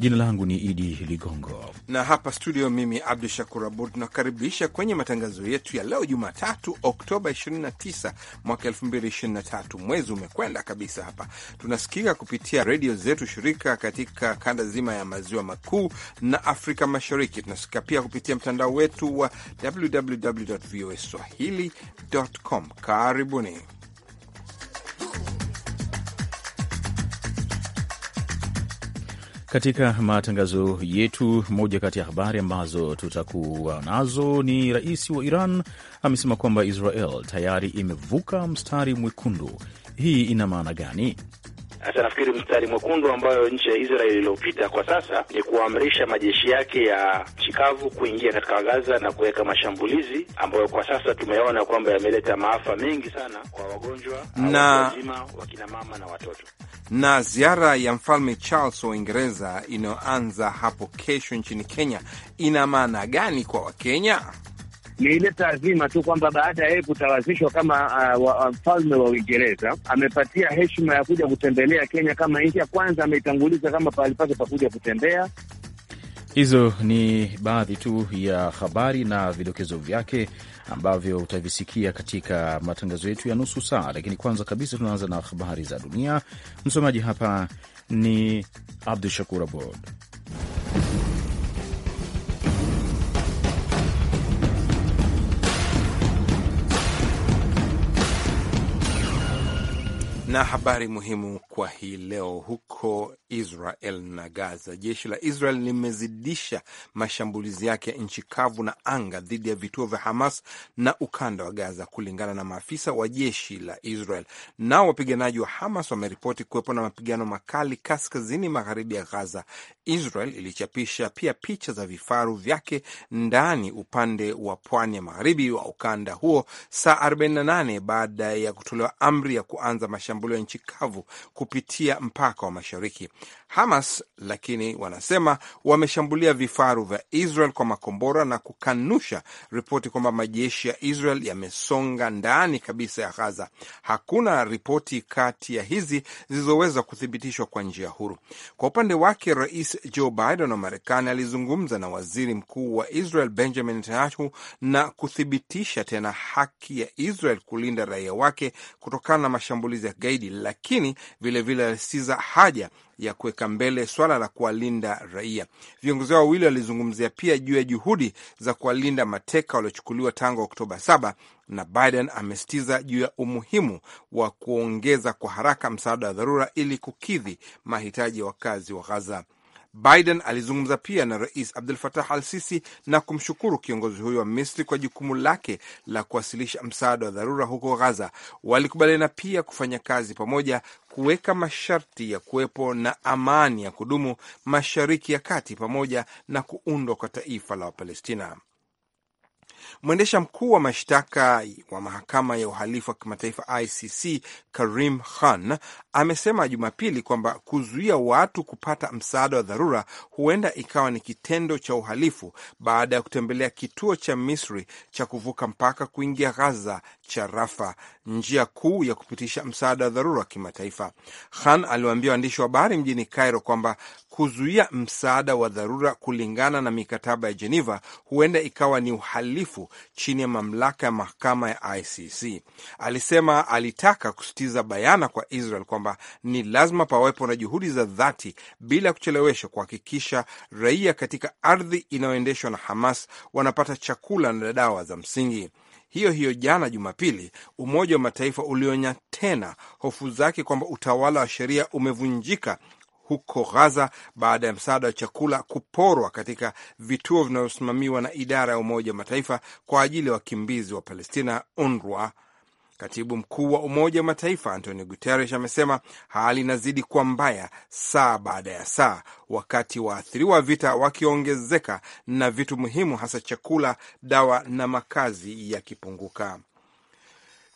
Jina langu ni Idi Ligongo na hapa studio mimi Abdu Shakur Abud tunakaribisha kwenye matangazo yetu ya leo Jumatatu Oktoba 29 mwaka 2023. Mwezi umekwenda kabisa. Hapa tunasikika kupitia redio zetu shirika katika kanda zima ya maziwa makuu na Afrika Mashariki. Tunasikika pia kupitia mtandao wetu wa www voa swahili.com. Karibuni. Katika matangazo yetu, moja kati ya habari ambazo tutakuwa nazo ni rais wa Iran amesema kwamba Israel tayari imevuka mstari mwekundu. Hii ina maana gani? Sasa nafikiri mstari mwekundu ambayo nchi ya Israel iliyopita kwa sasa ni kuamrisha majeshi yake ya chikavu kuingia katika Gaza na kuweka mashambulizi ambayo kwa sasa tumeona kwamba yameleta maafa mengi sana kwa wagonjwa na wazima, wakina mama na watoto. Na ziara ya mfalme Charles wa Uingereza inayoanza hapo kesho nchini Kenya ina maana gani kwa Wakenya? ni ile taazima tu kwamba baada ya yeye kutawazishwa kama uh, uh, mfalme uh, wa Uingereza amepatia heshima ya kuja kutembelea Kenya kama nchi ya kwanza, ameitanguliza kama pahali pake pakuja kutembea. Hizo ni baadhi tu ya habari na vidokezo vyake ambavyo utavisikia katika matangazo yetu ya nusu saa, lakini kwanza kabisa tunaanza na habari za dunia. Msomaji hapa ni Abdu Shakur Abod. Na habari muhimu kwa hii leo, huko Israel na Gaza, jeshi la Israel limezidisha mashambulizi yake ya nchi kavu na anga dhidi ya vituo vya Hamas na ukanda wa Gaza, kulingana na maafisa wa jeshi la Israel. Nao wapiganaji wa Hamas wameripoti kuwepo na mapigano makali kaskazini magharibi ya Gaza. Israel ilichapisha pia picha za vifaru vyake ndani upande wa pwani ya magharibi wa ukanda huo saa 48 baada ya kutolewa amri ya kuanza mashambulizi ya nchi kavu kupitia mpaka wa mashariki. Hamas lakini wanasema wameshambulia vifaru vya Israel kwa makombora na kukanusha ripoti kwamba majeshi ya Israel yamesonga ndani kabisa ya Gaza. Hakuna ripoti kati ya hizi zilizoweza kuthibitishwa kwa njia huru. Kwa upande wake, Rais Joe Biden wa Marekani alizungumza na waziri mkuu wa Israel Benjamin Netanyahu na kuthibitisha tena haki ya Israel kulinda raia wake kutokana na mashambulizi ya kigaidi, lakini vilevile alisitiza haja ya kuweka mbele swala la kuwalinda raia. Viongozi hao wawili walizungumzia pia juu ya juhudi za kuwalinda mateka waliochukuliwa tangu Oktoba saba, na Biden amesitiza juu ya umuhimu wa kuongeza kwa haraka msaada wa dharura ili kukidhi mahitaji ya wakazi wa Ghaza. Biden alizungumza pia na Rais Abdul Fatah al Sisi na kumshukuru kiongozi huyo wa Misri kwa jukumu lake la kuwasilisha msaada wa dharura huko ghaza Walikubaliana pia kufanya kazi pamoja kuweka masharti ya kuwepo na amani ya kudumu Mashariki ya Kati pamoja na kuundwa kwa taifa la Wapalestina. Mwendesha mkuu wa mashtaka wa mahakama ya uhalifu wa kimataifa ICC Karim Khan amesema Jumapili kwamba kuzuia watu kupata msaada wa dharura huenda ikawa ni kitendo cha uhalifu baada ya kutembelea kituo cha Misri cha kuvuka mpaka kuingia ghaza cha Rafa, njia kuu ya kupitisha msaada wa dharura wa kimataifa. Khan aliwaambia waandishi wa habari mjini Cairo kwamba kuzuia msaada wa dharura kulingana na mikataba ya jeneva huenda ikawa ni uhalifu uhalifu chini ya mamlaka ya mahakama ya ICC. Alisema alitaka kusitiza bayana kwa Israel kwamba ni lazima pawepo na juhudi za dhati bila kuchelewesha kuhakikisha raia katika ardhi inayoendeshwa na Hamas wanapata chakula na dawa za msingi. Hiyo hiyo jana Jumapili, Umoja wa Mataifa ulionya tena hofu zake kwamba utawala wa sheria umevunjika huko Ghaza baada ya msaada wa chakula kuporwa katika vituo vinavyosimamiwa na idara ya Umoja wa Mataifa kwa ajili ya wa wakimbizi wa Palestina, UNRWA. Katibu mkuu wa Umoja wa Mataifa Antonio Guterres amesema hali inazidi kuwa mbaya saa baada ya saa, wakati waathiriwa vita wakiongezeka na vitu muhimu hasa chakula, dawa na makazi yakipunguka.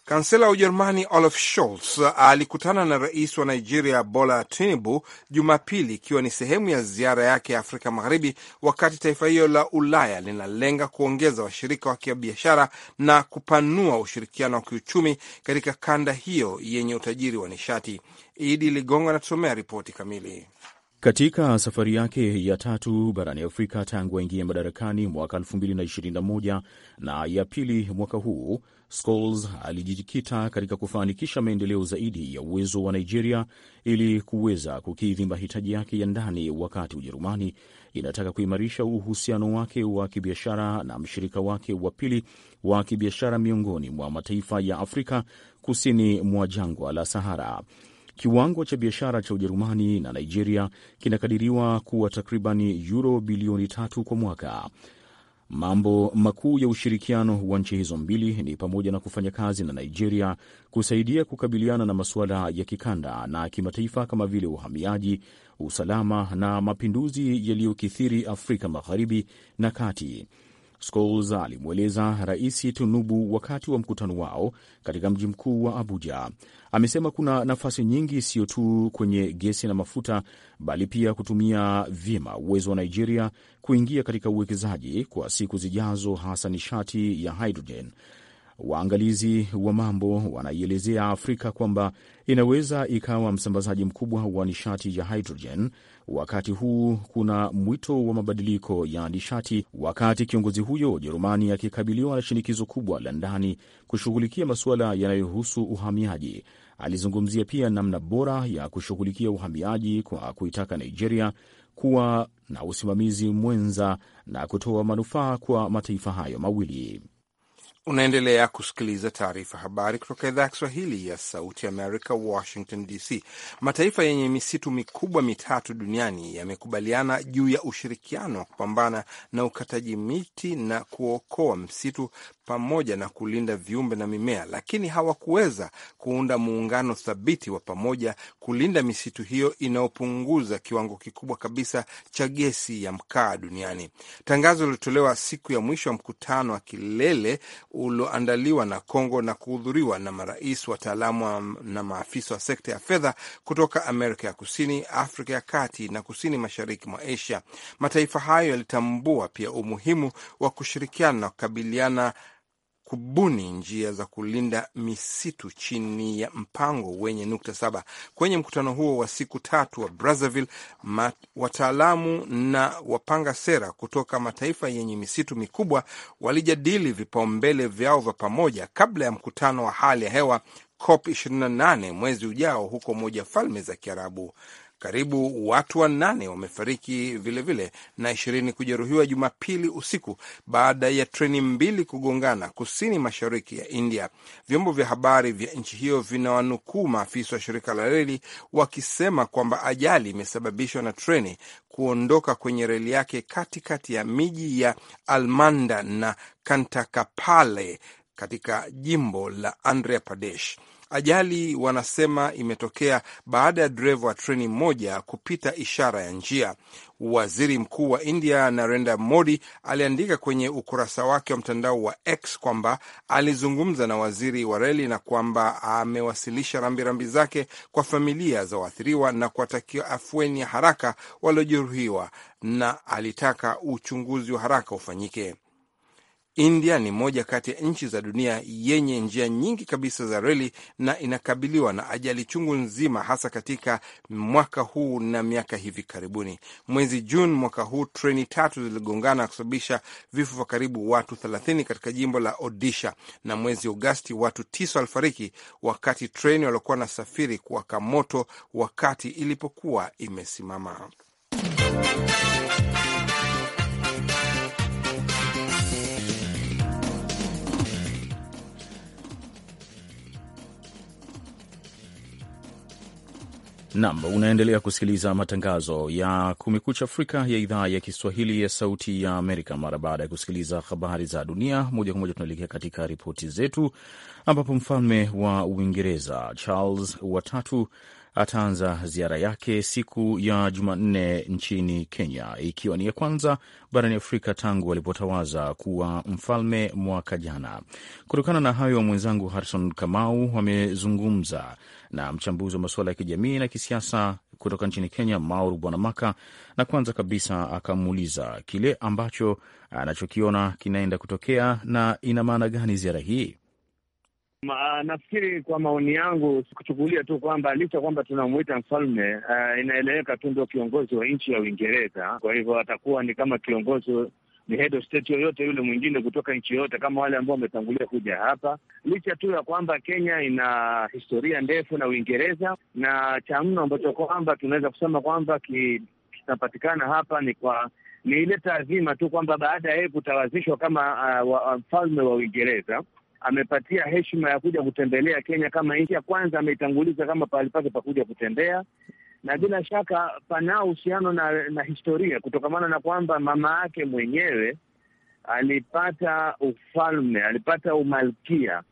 Kansela wa Ujerumani Olaf Scholz alikutana na rais wa Nigeria Bola Tinubu Jumapili, ikiwa ni sehemu ya ziara yake ya Afrika Magharibi, wakati taifa hilo la Ulaya linalenga kuongeza washirika wake wa biashara na kupanua ushirikiano wa kiuchumi katika kanda hiyo yenye utajiri wa nishati. Idi Ligongo anatusomea ripoti kamili. Katika safari yake ya tatu barani Afrika tangu aingie madarakani mwaka 2021 na ya pili mwaka huu, Scholes alijikita katika kufanikisha maendeleo zaidi ya uwezo wa Nigeria ili kuweza kukidhi mahitaji yake ya ndani, wakati Ujerumani inataka kuimarisha uhusiano wake wa kibiashara na mshirika wake wa pili wa kibiashara miongoni mwa mataifa ya Afrika kusini mwa jangwa la Sahara. Kiwango cha biashara cha Ujerumani na Nigeria kinakadiriwa kuwa takribani yuro bilioni tatu kwa mwaka. Mambo makuu ya ushirikiano wa nchi hizo mbili ni pamoja na kufanya kazi na Nigeria kusaidia kukabiliana na masuala ya kikanda na kimataifa kama vile uhamiaji, usalama na mapinduzi yaliyokithiri Afrika Magharibi na Kati. Scholz alimweleza Rais Tinubu wakati wa mkutano wao katika mji mkuu wa Abuja. Amesema kuna nafasi nyingi, sio tu kwenye gesi na mafuta, bali pia kutumia vyema uwezo wa Nigeria kuingia katika uwekezaji kwa siku zijazo, hasa nishati ya hidrojeni. Waangalizi wa mambo wanaielezea Afrika kwamba inaweza ikawa msambazaji mkubwa wa nishati ya hidrojeni. Wakati huu kuna mwito wa mabadiliko ya nishati, wakati kiongozi huyo Ujerumani akikabiliwa na shinikizo kubwa la ndani kushughulikia masuala yanayohusu uhamiaji. Alizungumzia pia namna bora ya kushughulikia uhamiaji kwa kuitaka Nigeria kuwa na usimamizi mwenza na kutoa manufaa kwa mataifa hayo mawili. Unaendelea kusikiliza taarifa habari kutoka idhaa ya Kiswahili ya sauti Amerika, Washington DC. Mataifa yenye misitu mikubwa mitatu duniani yamekubaliana juu ya ushirikiano wa kupambana na ukataji miti na kuokoa msitu pamoja na kulinda viumbe na mimea, lakini hawakuweza kuunda muungano thabiti wa pamoja kulinda misitu hiyo inayopunguza kiwango kikubwa kabisa cha gesi ya mkaa duniani. Tangazo lilitolewa siku ya mwisho wa mkutano wa kilele ulioandaliwa na congo na kuhudhuriwa na marais, wataalamu na maafisa wa sekta ya fedha kutoka Amerika ya Kusini, Afrika ya Kati na kusini mashariki mwa Asia. Mataifa hayo yalitambua pia umuhimu wa kushirikiana na kukabiliana kubuni njia za kulinda misitu chini ya mpango wenye nukta saba. Kwenye mkutano huo wa siku tatu wa Brazzaville, wataalamu na wapanga sera kutoka mataifa yenye misitu mikubwa walijadili vipaumbele vyao vya pamoja kabla ya mkutano wa hali ya hewa COP 28 mwezi ujao huko Moja Falme za Kiarabu. Karibu watu wanane wamefariki vilevile na ishirini kujeruhiwa Jumapili usiku baada ya treni mbili kugongana kusini mashariki ya India. Vyombo vya habari vya nchi hiyo vinawanukuu maafisa wa shirika la reli wakisema kwamba ajali imesababishwa na treni kuondoka kwenye reli yake katikati kati ya miji ya Almanda na Kantakapale katika jimbo la Andhra Pradesh. Ajali wanasema imetokea baada ya dereva wa treni moja kupita ishara ya njia. Waziri Mkuu wa India Narendra Modi aliandika kwenye ukurasa wake wa mtandao wa X kwamba alizungumza na waziri wa reli na kwamba amewasilisha rambirambi zake kwa familia za waathiriwa na kuwatakia afueni ya haraka waliojeruhiwa, na alitaka uchunguzi wa haraka ufanyike. India ni moja kati ya nchi za dunia yenye njia nyingi kabisa za reli na inakabiliwa na ajali chungu nzima, hasa katika mwaka huu na miaka hivi karibuni. Mwezi Juni mwaka huu treni tatu ziligongana na kusababisha vifo vya karibu watu 30 katika jimbo la Odisha, na mwezi Agosti watu tisa walifariki wakati treni waliokuwa wanasafiri kuwaka moto wakati ilipokuwa imesimama. Nam, unaendelea kusikiliza matangazo ya Kumekucha Afrika ya idhaa ya Kiswahili ya Sauti ya Amerika. Mara baada ya kusikiliza habari za dunia moja kwa moja, tunaelekea katika ripoti zetu, ambapo mfalme wa Uingereza Charles watatu ataanza ziara yake siku ya Jumanne nchini Kenya, ikiwa ni ya kwanza barani Afrika tangu alipotawaza kuwa mfalme mwaka jana. Kutokana na hayo, mwenzangu Harison Kamau amezungumza na mchambuzi wa masuala ya kijamii na kisiasa kutoka nchini Kenya, Mauru Bwanamaka, na kwanza kabisa akamuuliza kile ambacho anachokiona kinaenda kutokea na ina maana gani ziara hii. Ma, nafikiri kwa maoni yangu sikuchukulia tu kwamba licha kwamba tunamwita mfalme uh, inaeleweka tu ndio kiongozi wa nchi ya Uingereza. Kwa hivyo atakuwa ni kama kiongozi ni head of state yoyote yule mwingine kutoka nchi yoyote, kama wale ambao wametangulia kuja hapa, licha tu ya kwamba Kenya ina historia ndefu na Uingereza, na cha mno ambacho kwamba tunaweza kusema kwamba kitapatikana hapa ni kwa ni ile taazima tu kwamba baada ya yeye kutawazishwa kama ah, mfalme uh, wa Uingereza wa amepatia heshima ya kuja kutembelea Kenya kama nchi ya kwanza, ameitanguliza kama pahali pake pakuja kutembea, na bila shaka panao uhusiano na, na historia kutokamana na kwamba mama yake mwenyewe alipata ufalme, alipata umalkia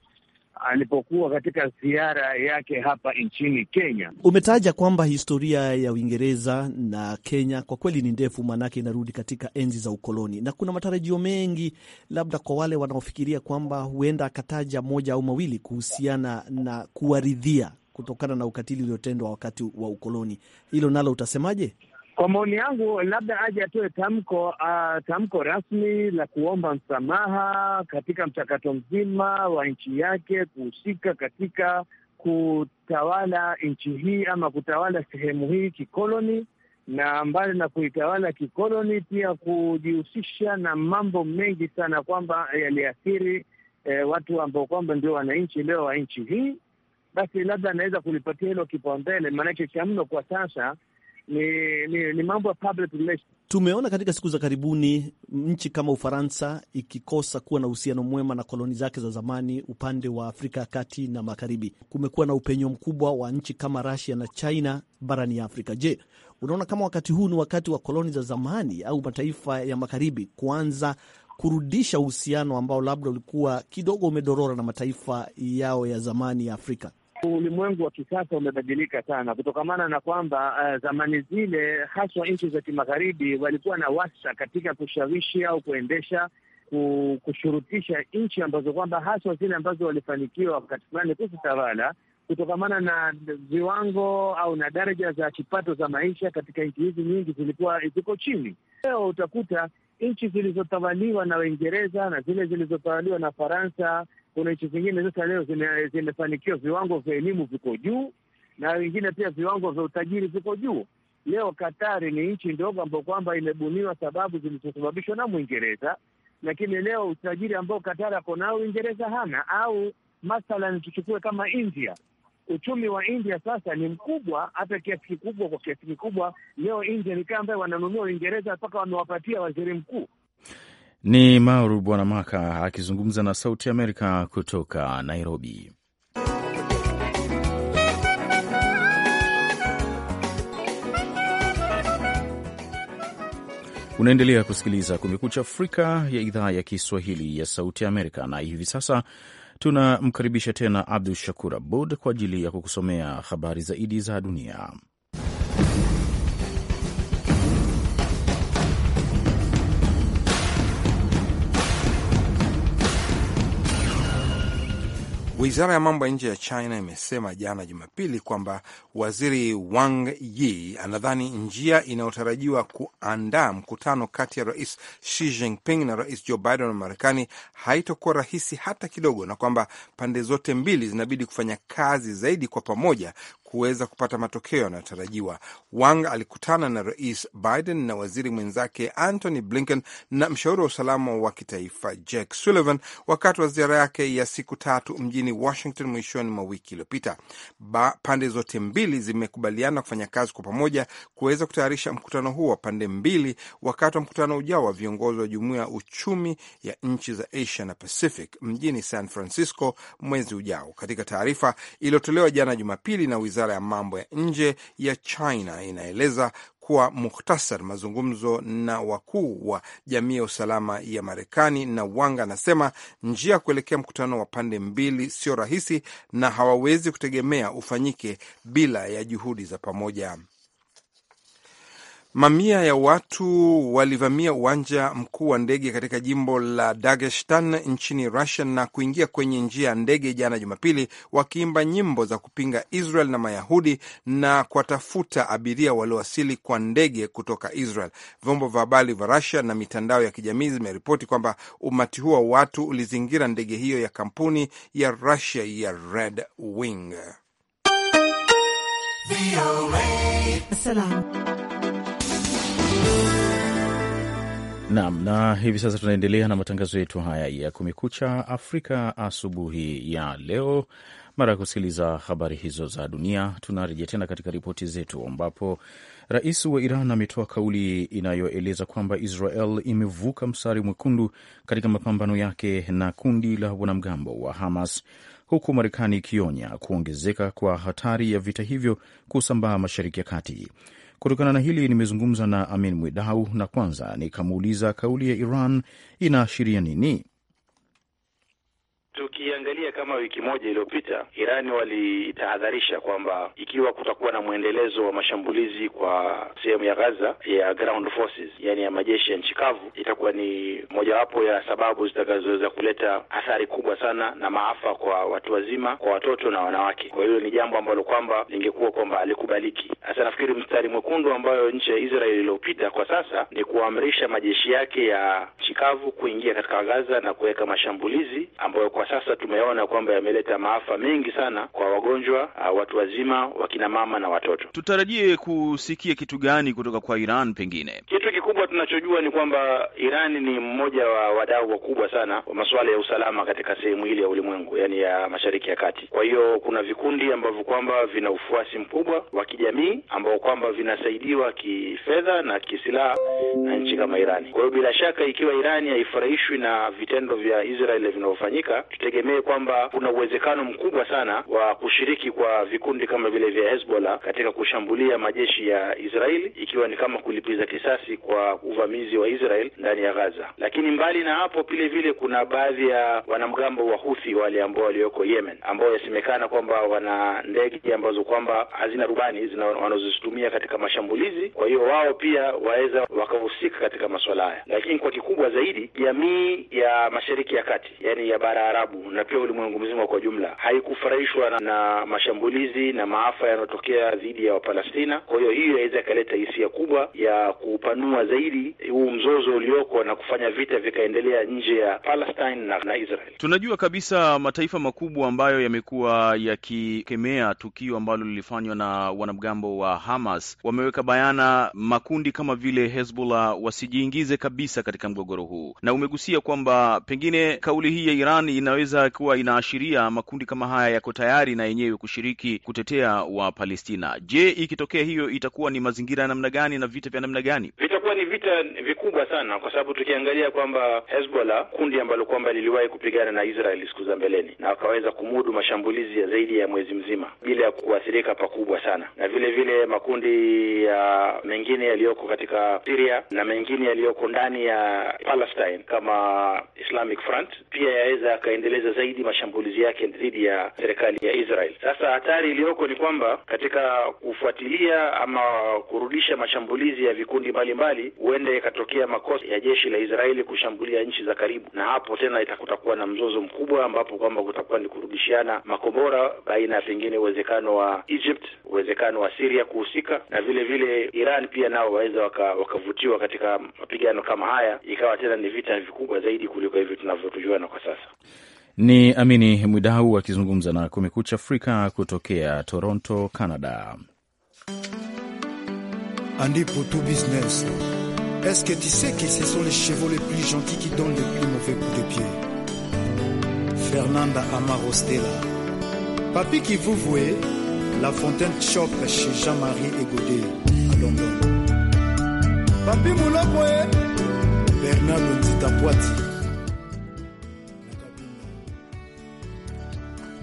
alipokuwa katika ziara yake hapa nchini Kenya. Umetaja kwamba historia ya Uingereza na Kenya kwa kweli ni ndefu, maanake inarudi katika enzi za ukoloni, na kuna matarajio mengi, labda kwa wale wanaofikiria kwamba huenda akataja moja au mawili kuhusiana na kuwaridhia kutokana na ukatili uliotendwa wakati wa ukoloni. Hilo nalo utasemaje? Kwa maoni yangu, labda aje atoe tamko uh, tamko rasmi la kuomba msamaha katika mchakato mzima wa nchi yake kuhusika katika kutawala nchi hii ama kutawala sehemu hii kikoloni, na mbali na kuitawala kikoloni, pia kujihusisha na mambo mengi sana kwamba yaliathiri eh, watu ambao kwamba ndio wananchi leo wa nchi hii, basi labda anaweza kulipatia hilo kipaumbele, maanake cha mno kwa sasa ni, ni, ni mambo ya public relations. Tumeona katika siku za karibuni nchi kama Ufaransa ikikosa kuwa na uhusiano mwema na koloni zake za zamani upande wa Afrika ya kati na magharibi. Kumekuwa na upenyo mkubwa wa nchi kama Russia na China barani Afrika. Je, unaona kama wakati huu ni wakati wa koloni za zamani au mataifa ya magharibi kuanza kurudisha uhusiano ambao labda ulikuwa kidogo umedorora na mataifa yao ya zamani ya Afrika? Ulimwengu wa kisasa umebadilika sana kutokamana na kwamba uh, zamani zile haswa nchi za kimagharibi walikuwa na wasa katika kushawishi au kuendesha kushurutisha nchi ambazo kwamba haswa zile ambazo walifanikiwa wakati fulani kuzitawala kutokamana na viwango au na daraja za kipato za maisha katika nchi hizi nyingi zilikuwa ziko chini. Leo utakuta nchi zilizotawaliwa na Uingereza na zile zilizotawaliwa na Faransa, kuna nchi zingine sasa leo zimefanikiwa, viwango vya elimu viko juu na wengine pia viwango vya utajiri viko juu. Leo Katari ni nchi ndogo ambayo kwamba imebuniwa sababu zilizosababishwa na Mwingereza, lakini leo utajiri ambao Katari ako nao Uingereza hana, au mathalan tuchukue kama India uchumi wa India sasa ni mkubwa hata kiasi kikubwa, kwa kiasi kikubwa leo India ni kama ambayo wananunua Uingereza mpaka wamewapatia waziri mkuu. Ni Maru Bwana Maka akizungumza na Sauti Amerika kutoka Nairobi. Unaendelea kusikiliza Kumekucha Afrika ya idhaa ya Kiswahili ya Sauti Amerika, na hivi sasa Tunamkaribisha tena Abdu Shakur Abud kwa ajili ya kukusomea habari zaidi za dunia. Wizara ya mambo ya nje ya China imesema jana Jumapili kwamba waziri Wang Yi anadhani njia inayotarajiwa kuandaa mkutano kati ya rais Xi Jinping na rais Joe Biden wa Marekani haitokuwa rahisi hata kidogo, na kwamba pande zote mbili zinabidi kufanya kazi zaidi kwa pamoja kuweza kupata matokeo yanayotarajiwa. Wang alikutana na Rais Biden na waziri mwenzake Antony Blinken na mshauri wa usalama wa kitaifa Jake Sullivan wakati wa ziara yake ya siku tatu mjini Washington mwishoni mwa wiki iliyopita. Pande zote mbili zimekubaliana kufanya kazi kwa pamoja kuweza kutayarisha mkutano huo wa pande mbili wakati wa mkutano ujao wa viongozi wa Jumuiya ya Uchumi ya Nchi za Asia na Pacific mjini San Francisco mwezi ujao. Katika taarifa iliyotolewa jana Jumapili na wizara wizara ya mambo ya nje ya China inaeleza kuwa muhtasar mazungumzo na wakuu wa jamii ya usalama ya Marekani na Wanga anasema njia ya kuelekea mkutano wa pande mbili sio rahisi na hawawezi kutegemea ufanyike bila ya juhudi za pamoja. Mamia ya watu walivamia uwanja mkuu wa ndege katika jimbo la Dagestan nchini russia na kuingia kwenye njia ya ndege jana Jumapili, wakiimba nyimbo za kupinga Israel na Mayahudi na kuwatafuta abiria waliowasili kwa ndege kutoka Israel. Vyombo vya habari vya Rusia na mitandao ya kijamii zimeripoti kwamba umati huo wa watu ulizingira ndege hiyo ya kampuni ya Rusia ya Red Wing. Nam na hivi sasa tunaendelea na matangazo yetu haya ya Kumekucha Afrika asubuhi ya leo. Mara ya kusikiliza habari hizo za dunia, tunarejea tena katika ripoti zetu, ambapo rais wa Iran ametoa kauli inayoeleza kwamba Israel imevuka mstari mwekundu katika mapambano yake na kundi la wanamgambo wa Hamas, huku Marekani ikionya kuongezeka kwa hatari ya vita hivyo kusambaa Mashariki ya Kati. Kutokana na hili, nimezungumza na Amin Mwidau na kwanza nikamuuliza kauli ya Iran inaashiria nini? Tukiangalia ukiangalia kama wiki moja iliyopita Irani walitahadharisha kwamba ikiwa kutakuwa na mwendelezo wa mashambulizi kwa sehemu ya Gaza ya ground forces, yani ya majeshi ya nchi kavu, itakuwa ni mojawapo ya sababu zitakazoweza kuleta athari kubwa sana na maafa kwa watu wazima, kwa watoto na wanawake. Kwa hiyo ni jambo ambalo kwamba lingekuwa kwamba alikubaliki. Sasa nafikiri mstari mwekundu ambayo nchi ya Israeli iliyopita kwa sasa ni kuamrisha majeshi yake ya nchi kavu kuingia katika Gaza na kuweka mashambulizi ambayo kwa sasa tumeona tunaona kwamba yameleta maafa mengi sana kwa wagonjwa, ah, watu wazima, wakina mama na watoto. Tutarajie kusikia kitu gani kutoka kwa Iran? Pengine kitu kikubwa tunachojua ni kwamba Iran ni mmoja wa wadau wakubwa sana wa masuala ya usalama katika sehemu ile ya ulimwengu, yani ya Mashariki ya Kati. Kwa hiyo kuna vikundi ambavyo kwamba vina ufuasi mkubwa wa kijamii ambao kwamba vinasaidiwa kifedha na kisilaha na nchi kama Irani. Kwa hiyo bila shaka, ikiwa Irani haifurahishwi na vitendo vya israel vinavyofanyika, tutegemee kwamba kwamba kuna uwezekano mkubwa sana wa kushiriki kwa vikundi kama vile vya Hezbollah katika kushambulia majeshi ya Israeli, ikiwa ni kama kulipiza kisasi kwa uvamizi wa Israel ndani ya Gaza. Lakini mbali na hapo, vile vile kuna baadhi ya wanamgambo wa Houthi wale ambao walioko Yemen, ambao yasemekana kwamba wana ndege ambazo kwamba hazina rubani wanazozitumia katika mashambulizi. Kwa hiyo wao pia waweza wakahusika katika masuala haya, lakini kwa kikubwa zaidi jamii ya Mashariki ya Kati, yani ya bara Arabu na pia ulimwengu mzima kwa jumla haikufurahishwa na, na mashambulizi na maafa yanayotokea dhidi ya Wapalestina. Kwa hiyo hiyo inaweza ikaleta hisia kubwa ya kupanua zaidi huu mzozo ulioko na kufanya vita vikaendelea nje ya Palestine na, na Israel. Tunajua kabisa mataifa makubwa ambayo yamekuwa yakikemea tukio ambalo lilifanywa na wanamgambo wa Hamas wameweka bayana makundi kama vile Hezbollah wasijiingize kabisa katika mgogoro huu, na umegusia kwamba pengine kauli hii ya Iran inaweza kuwa hatua inaashiria makundi kama haya yako tayari na yenyewe kushiriki kutetea wa Palestina. Je, ikitokea hiyo itakuwa ni mazingira ya namna gani na vita vya namna gani? Vitakuwa ni vita vikubwa sana, kwa sababu tukiangalia kwamba Hezbollah, kundi ambalo kwamba liliwahi kupigana na israel siku za mbeleni na wakaweza kumudu mashambulizi ya zaidi ya mwezi mzima bila ya kuathirika pakubwa sana, na vile vile makundi ya mengine yaliyoko katika Syria na mengine yaliyoko ndani ya Palestine kama Islamic Front pia yaweza yakaendeleza zaidi zaidi mashambulizi yake dhidi ya serikali ya Israel. Sasa hatari iliyoko ni kwamba katika kufuatilia ama kurudisha mashambulizi ya vikundi mbalimbali, huenda ikatokea makosa ya jeshi la Israeli kushambulia nchi za karibu, na hapo tena kutakuwa na mzozo mkubwa, ambapo kwamba kutakuwa ni kurudishiana makombora baina ya pengine uwezekano wa Egypt, uwezekano wa Syria kuhusika na vile vile Iran pia nao waweza wakavutiwa waka katika mapigano kama haya, ikawa tena ni vita vikubwa zaidi kuliko hivi tunavyotujua na kwa sasa. Ni Amini Mwidau akizungumza na Kumekucha Afrika kutokea Toronto, Canada. Andipo tout business est-ce que tu sais que ce sont les chevaux les plus gentils qui donnent les plus mauvais coups de pied Fernanda Amarostela Papi qui vous voyez la fontaine shop chez Jean-Marie Egodé à London Papi Moulopoe Bernard Ndita Poiti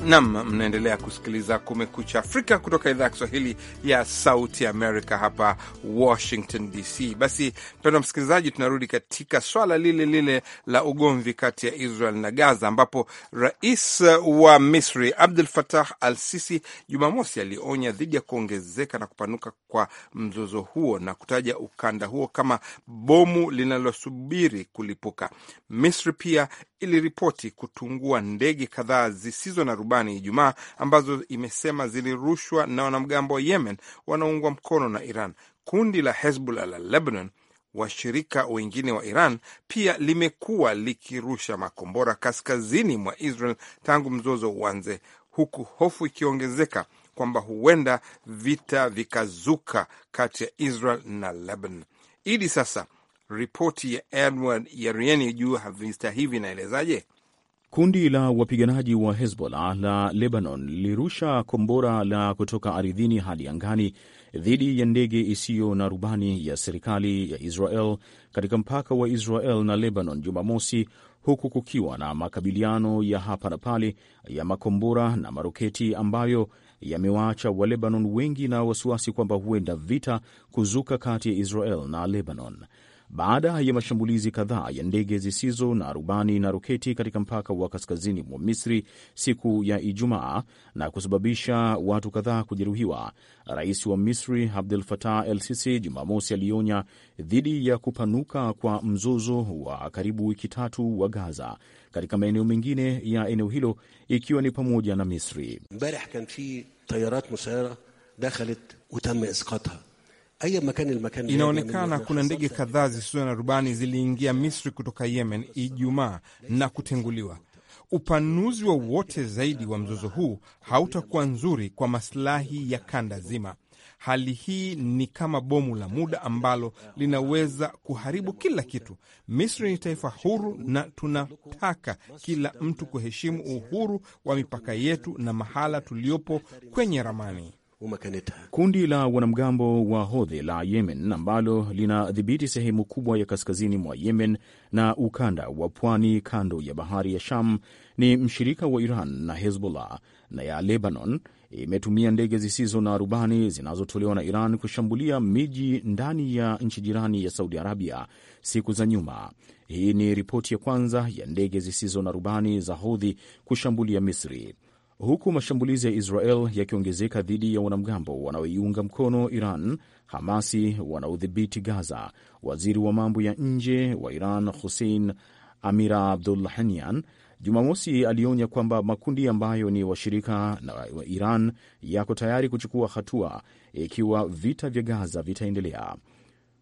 Nam, mnaendelea kusikiliza Kumekucha Afrika kutoka idhaa ya Kiswahili ya Sauti Amerika hapa Washington DC. Basi mpendwa msikilizaji, tunarudi katika swala lile lile la ugomvi kati ya Israel na Gaza, ambapo rais wa Misri Abdul Fatah al Sisi Jumamosi alionya dhidi ya kuongezeka na kupanuka kwa mzozo huo na kutaja ukanda huo kama bomu linalosubiri kulipuka. Misri pia iliripoti kutungua ndege kadhaa zisizo na rubani Ijumaa ambazo imesema zilirushwa na wanamgambo wa Yemen wanaoungwa mkono na Iran. Kundi la Hezbollah la Lebanon, washirika wengine wa Iran, pia limekuwa likirusha makombora kaskazini mwa Israel tangu mzozo uanze, huku hofu ikiongezeka kwamba huenda vita vikazuka kati ya Israel na Lebanon. Idi sasa Ripoti ya Edward Yerieni juu havista hivi inaelezaje? Kundi la wapiganaji wa Hezbollah la Lebanon lilirusha kombora la kutoka ardhini hadi angani dhidi ya ndege isiyo na rubani ya serikali ya Israel katika mpaka wa Israel na Lebanon Jumamosi, huku kukiwa na makabiliano ya hapa na pale ya makombora na maroketi ambayo yamewaacha Walebanon wengi na wasiwasi kwamba huenda vita kuzuka kati ya Israel na Lebanon baada ya mashambulizi kadhaa ya ndege zisizo na rubani na roketi katika mpaka wa kaskazini mwa Misri siku ya Ijumaa na kusababisha watu kadhaa kujeruhiwa. Rais wa Misri Abdel Fattah El Sisi Jumamosi alionya dhidi ya kupanuka kwa mzozo wa karibu wiki tatu wa Gaza katika maeneo mengine ya eneo hilo ikiwa ni pamoja na Misri. kan fi tayarat musayara dakhalat wa tamma isqatha Inaonekana kuna ndege kadhaa zisizo na rubani ziliingia Misri kutoka Yemen Ijumaa na kutenguliwa. Upanuzi wowote zaidi wa mzozo huu hautakuwa nzuri kwa masilahi ya kanda zima. Hali hii ni kama bomu la muda ambalo linaweza kuharibu kila kitu. Misri ni taifa huru, na tunataka kila mtu kuheshimu uhuru wa mipaka yetu na mahala tuliopo kwenye ramani. Kundi la wanamgambo wa Hodhi la Yemen ambalo linadhibiti sehemu kubwa ya kaskazini mwa Yemen na ukanda wa pwani kando ya bahari ya Sham ni mshirika wa Iran na Hezbollah na ya Lebanon imetumia ndege zisizo na rubani zinazotolewa na Iran kushambulia miji ndani ya nchi jirani ya Saudi Arabia siku za nyuma. Hii ni ripoti ya kwanza ya ndege zisizo na rubani za Hodhi kushambulia Misri huku mashambulizi ya Israel yakiongezeka dhidi ya wanamgambo wanaoiunga mkono Iran Hamasi wanaodhibiti Gaza. Waziri wa mambo ya nje wa Iran Hussein Amira Abdullahanian Jumamosi alionya kwamba makundi ambayo ni washirika na wa Iran yako tayari kuchukua hatua ikiwa vita vya Gaza vitaendelea.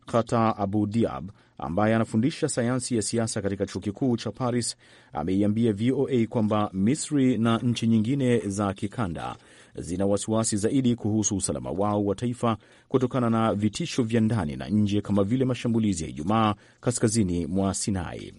Kata Abu Diab ambaye anafundisha sayansi ya siasa katika chuo kikuu cha Paris ameiambia VOA kwamba Misri na nchi nyingine za kikanda zina wasiwasi zaidi kuhusu usalama wao wa taifa kutokana na vitisho vya ndani na nje kama vile mashambulizi ya Ijumaa kaskazini mwa Sinai.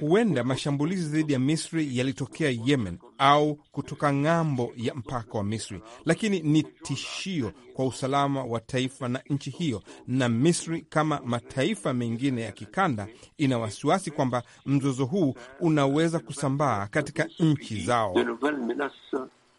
Huenda mashambulizi dhidi ya Misri yalitokea Yemen au kutoka ng'ambo ya mpaka wa Misri, lakini ni tishio kwa usalama wa taifa na nchi hiyo. Na Misri kama mataifa mengine ya kikanda, ina wasiwasi kwamba mzozo huu unaweza kusambaa katika nchi zao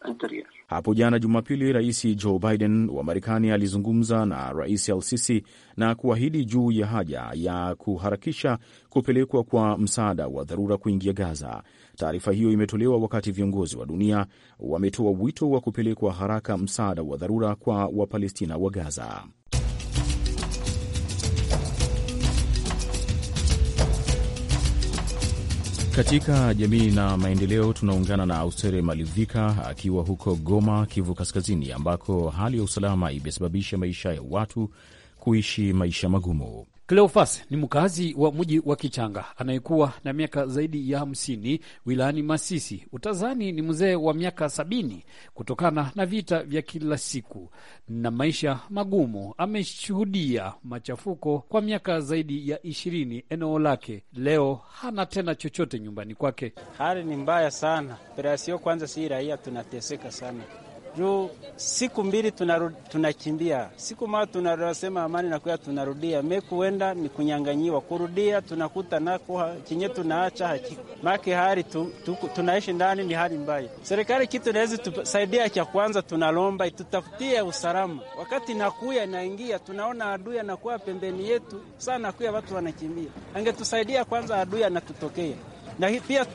anterior. Hapo jana Jumapili, Rais Joe Biden wa Marekani alizungumza na Rais Al-Sisi na kuahidi juu ya haja ya kuharakisha kupelekwa kwa msaada wa dharura kuingia Gaza. Taarifa hiyo imetolewa wakati viongozi wa dunia wametoa wito wa kupelekwa haraka msaada wa dharura kwa Wapalestina wa Gaza. Katika jamii na maendeleo, tunaungana na Austere Malivika akiwa huko Goma, Kivu Kaskazini, ambako hali ya usalama imesababisha maisha ya watu kuishi maisha magumu. Cleofas ni mkazi wa mji wa Kichanga anayekuwa na miaka zaidi ya hamsini wilayani Masisi. Utazani ni mzee wa miaka sabini kutokana na vita vya kila siku na maisha magumu. Ameshuhudia machafuko kwa miaka zaidi ya ishirini eneo lake. Leo hana tena chochote nyumbani kwake. Hali ni mbaya sana, operasio kwanza, si raia tunateseka sana juu siku mbili tunakimbia tuna siku maa tunasema amani nakuya tunarudia kuenda ni kunyanganyiwa kurudia tunakuta nako kinye tunaacha haki make hari tu, tu, tunaishi ndani ni hali mbaya. Serikali kitu nawezi tusaidia cha kwanza, tunalomba itutafutie usalama. Wakati nakuya naingia tunaona adui anakuwa pembeni yetu sana, nakuya watu wanakimbia. Angetusaidia kwanza, adui anatutokea na pia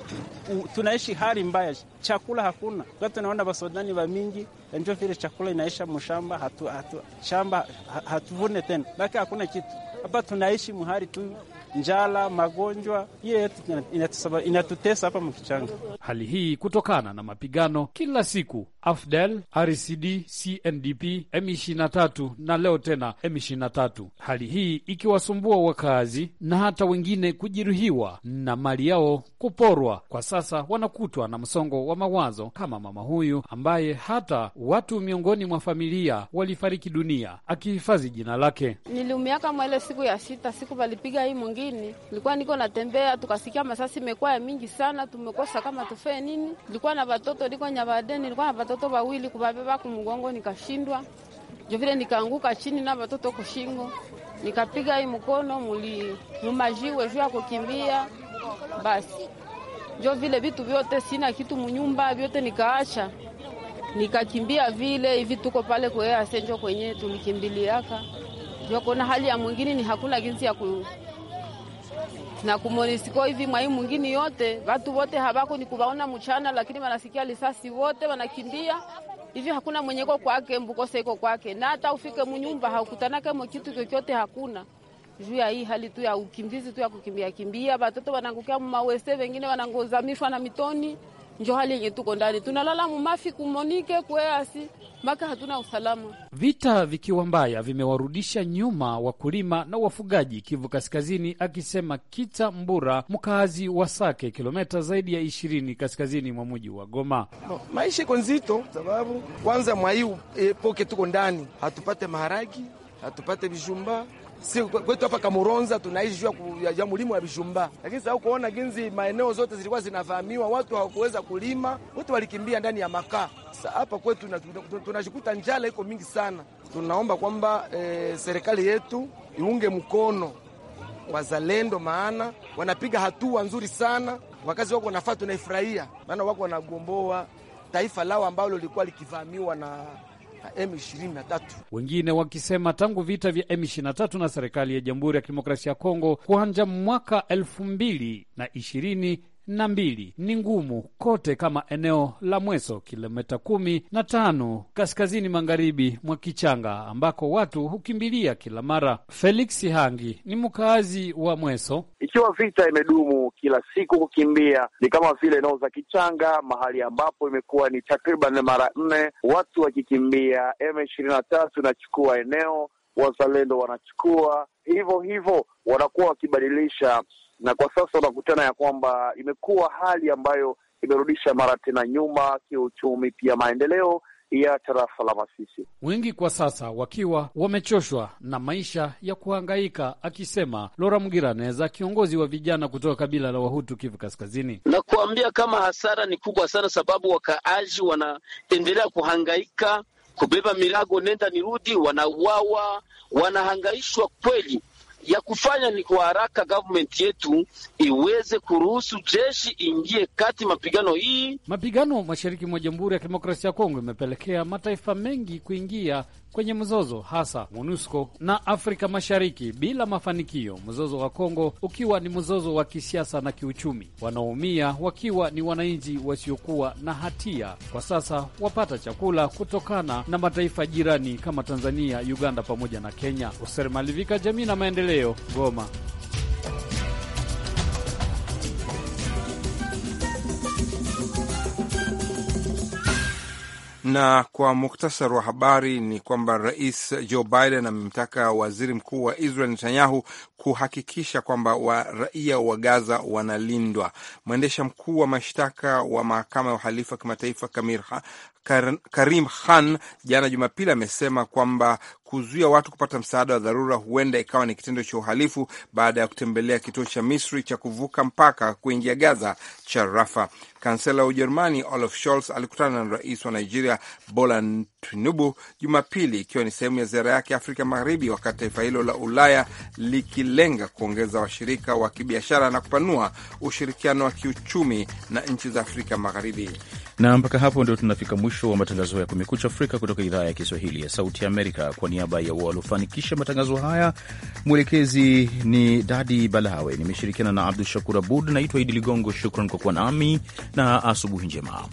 tunaishi hali mbaya, chakula hakuna. Kwa tunaona basodani wa mingi ndio vile chakula inaisha mshamba, hatu, hatu, shamba hatuvune tena, lakini hakuna kitu hapa, tunaishi mhari tu njala, magonjwa hiyo inatutesa hapa Mkichanga. Hali hii kutokana na mapigano kila siku AFDEL, RCD, CNDP, M23 na leo tena M23. Hali hii ikiwasumbua wakazi na hata wengine kujeruhiwa na mali yao kuporwa. Kwa sasa wanakutwa na msongo wa mawazo kama mama huyu ambaye hata watu miongoni mwa familia walifariki dunia akihifadhi jina lake. Niliumiaka mwele siku ya sita, siku palipiga hii mwingine mwingine. Nilikuwa niko natembea, tukasikia masasi imekuwa mingi sana, tumekosa kama tufee nini. Nilikuwa na watoto niko Nyabadeni, nilikuwa na watoto wawili, kubabeba kumgongo nikashindwa, jo vile nikaanguka chini na watoto kushingo, nikapiga hii mkono muli mumajiwe juu ya kukimbia, basi njo vile vitu vyote sina kitu munyumba vyote nikaacha nikakimbia vile hivi, tuko pale kwa yeye asenjo kwenye tulikimbiliaka jokona hali ya mwingine ni hakuna jinsi ya ku na kumonisiko hivi mwai mwingine yote watu wote habako ni kuvaona mchana, lakini wanasikia lisasi wote wanakimbia hivi, hakuna mwenyeko kwake mbukose iko kwake, na hata ufike mnyumba haukutanake kama kitu chochote hakuna juu ya hii hali tu ya ukimbizi tu ya kukimbia kimbia, watoto wanangukia mumawese, wengine wanangozamishwa na mitoni. Njo hali yenye tuko ndani, tunalala mumafi kumonike kweasi maka hatuna usalama. Vita vikiwa mbaya vimewarudisha nyuma wakulima na wafugaji Kivu Kaskazini, akisema Kita Mbura, mkaazi wa Sake, kilometa zaidi ya ishirini kaskazini mwa muji wa Goma. No, maisha iko nzito sababu kwanza mwaiu epoke poke tuko ndani hatupate maharagi hatupate vijumba si kwetu hapa Kamuronza tunaishi juu ya mlimo wa Bishumba, lakini sasa kuona ginzi maeneo zote zilikuwa zinavamiwa, watu hawakuweza kulima, watu walikimbia ndani ya makaa. Sasa hapa kwetu tunashikuta njala iko mingi sana. Tunaomba kwamba e, serikali yetu iunge mkono wazalendo, maana wanapiga hatua nzuri sana, wakazi wako wanafaa, tunaifurahia, maana wako wanagomboa taifa lao ambalo lilikuwa likivamiwa na na M23, wengine wakisema tangu vita vya M23 na serikali ya Jamhuri ya Kidemokrasia ya Kongo kuanja mwaka elfu mbili na ishirini na mbili ni ngumu kote kama eneo la Mweso, kilomita kumi na tano kaskazini magharibi mwa Kichanga, ambako watu hukimbilia kila mara. Felix Hangi ni mkaazi wa Mweso. Ikiwa vita imedumu kila siku kukimbia, ni kama vile eneo za Kichanga, mahali ambapo imekuwa ni takriban mara nne watu wakikimbia, M ishirini na tatu inachukua eneo, wazalendo wanachukua hivyo hivyo, wanakuwa wakibadilisha na kwa sasa unakutana ya kwamba imekuwa hali ambayo imerudisha mara tena nyuma kiuchumi, pia maendeleo ya tarafa la Masisi, wengi kwa sasa wakiwa wamechoshwa na maisha ya kuhangaika, akisema Lora Mgiraneza, kiongozi wa vijana kutoka kabila la Wahutu Kivu Kaskazini. Na kuambia kama hasara ni kubwa sana, sababu wakaaji wanaendelea kuhangaika kubeba milago nenda nirudi, wanauawa, wanahangaishwa kweli ya kufanya ni kwa haraka government yetu iweze kuruhusu jeshi ingie kati mapigano hii. Mapigano mashariki mwa Jamhuri ya Kidemokrasia ya Kongo imepelekea mataifa mengi kuingia kwenye mzozo hasa MONUSCO na Afrika Mashariki bila mafanikio, mzozo wa Kongo ukiwa ni mzozo wa kisiasa na kiuchumi, wanaoumia wakiwa ni wananchi wasiokuwa na hatia, kwa sasa wapata chakula kutokana na mataifa jirani kama Tanzania, Uganda pamoja na Kenya. Hoser Malivika, jamii na maendeleo, Goma. Na kwa muktasar wa habari ni kwamba Rais Joe Biden amemtaka waziri mkuu wa Israel Netanyahu kuhakikisha kwamba wa raia wa Gaza wanalindwa. Mwendesha mkuu wa mashtaka wa mahakama ya uhalifu wa kimataifa Karim Khan jana Jumapili amesema kwamba kuzuia watu kupata msaada wa dharura huenda ikawa ni kitendo cha uhalifu baada ya kutembelea kituo cha Misri cha kuvuka mpaka kuingia Gaza cha Rafa. Kansela wa Ujerumani Olaf Scholz alikutana na rais wa Nigeria Bola Tinubu Jumapili, ikiwa ni sehemu ya ziara yake Afrika Magharibi, wakati taifa hilo la Ulaya likilenga kuongeza washirika wa kibiashara na kupanua ushirikiano wa kiuchumi na nchi za Afrika Magharibi. Na mpaka hapo ndio tunafika mwisho wa matangazo ya Kumekucha Afrika kutoka idhaa ya Kiswahili ya Sauti ya Amerika. Kwa niaba ya waliofanikisha matangazo haya, mwelekezi ni Dadi Balawe, nimeshirikiana na Abdu Shakur Abud. Naitwa Idi Ligongo, shukran kwa kuwa nami na asubuhi njema.